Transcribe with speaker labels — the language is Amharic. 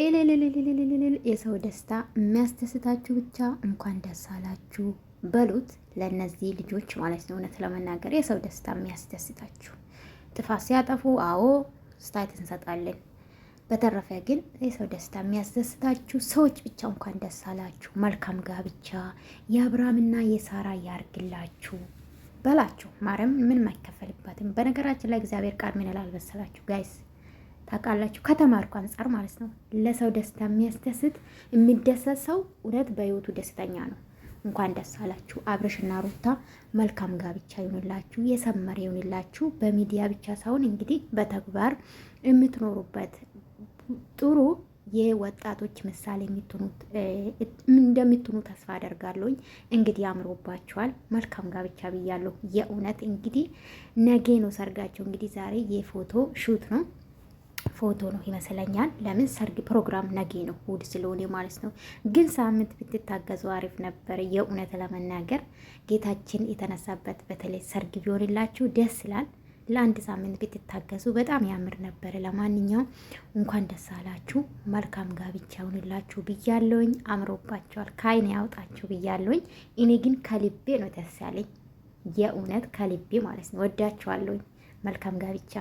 Speaker 1: ኤልልልልልልል የሰው ደስታ የሚያስደስታችሁ ብቻ እንኳን ደስ አላችሁ በሉት ለእነዚህ ልጆች ማለት ነው። እውነት ለመናገር የሰው ደስታ የሚያስደስታችሁ ጥፋት ሲያጠፉ አዎ ስታይት እንሰጣለን። በተረፈ ግን የሰው ደስታ የሚያስደስታችሁ ሰዎች ብቻ እንኳን ደስ አላችሁ፣ መልካም ጋብቻ የአብርሃምና የሳራ ያርግላችሁ በላችሁ። ማርያም ምንም አይከፈልበትም። በነገራችን ላይ እግዚአብሔር ቃል ምን ይላል መሰላችሁ ጋይስ ታውቃላችሁ ከተማርኩ አንጻር ማለት ነው። ለሰው ደስታ የሚያስደስት የሚደሰት ሰው እውነት በህይወቱ ደስተኛ ነው። እንኳን ደስ አላችሁ አብርሽና ሩታ፣ መልካም ጋብቻ ይሁንላችሁ፣ የሰመረ ይሁንላችሁ። በሚዲያ ብቻ ሳይሆን እንግዲህ በተግባር የምትኖሩበት ጥሩ የወጣቶች ምሳሌ እንደምትሆኑ ተስፋ አደርጋለሁኝ። እንግዲህ አምሮባችኋል። መልካም ጋብቻ ብያለሁ። የእውነት እንግዲህ ነገ ነው ሰርጋቸው። እንግዲህ ዛሬ የፎቶ ሹት ነው ፎቶ ነው ይመስለኛል። ለምን ሰርግ ፕሮግራም ነገ ነው እሑድ ስለሆነ ማለት ነው። ግን ሳምንት ብትታገዙ አሪፍ ነበር። የእውነት ለመናገር ጌታችን የተነሳበት በተለይ ሰርግ ቢሆንላችሁ ደስ ይላል። ለአንድ ሳምንት ብትታገዙ በጣም ያምር ነበር። ለማንኛውም እንኳን ደስ አላችሁ፣ መልካም ጋብቻ ይሁንላችሁ ብያለውኝ። አምሮባቸዋል፣ ከአይን ያውጣችሁ ብያለውኝ። እኔ ግን ከልቤ ነው ደስ ያለኝ፣ የእውነት ከልቤ ማለት ነው። ወዳችኋለሁኝ። መልካም ጋብቻ